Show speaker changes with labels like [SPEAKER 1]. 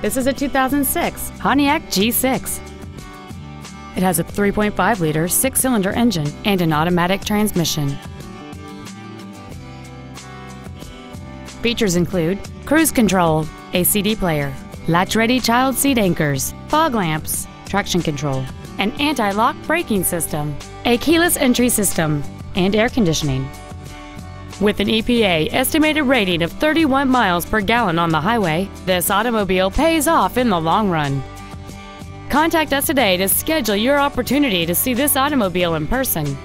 [SPEAKER 1] This is a 2006 Pontiac G6. It has a 3.5 liter six cylinder engine and an automatic transmission. Features include cruise control, a CD player, latch ready child seat anchors, fog lamps, traction control, an anti lock braking system, a keyless entry system, and air conditioning. With an EPA estimated rating of 31 miles per gallon on the highway, this automobile pays off in the long run. Contact us today to schedule your opportunity to see this automobile in person.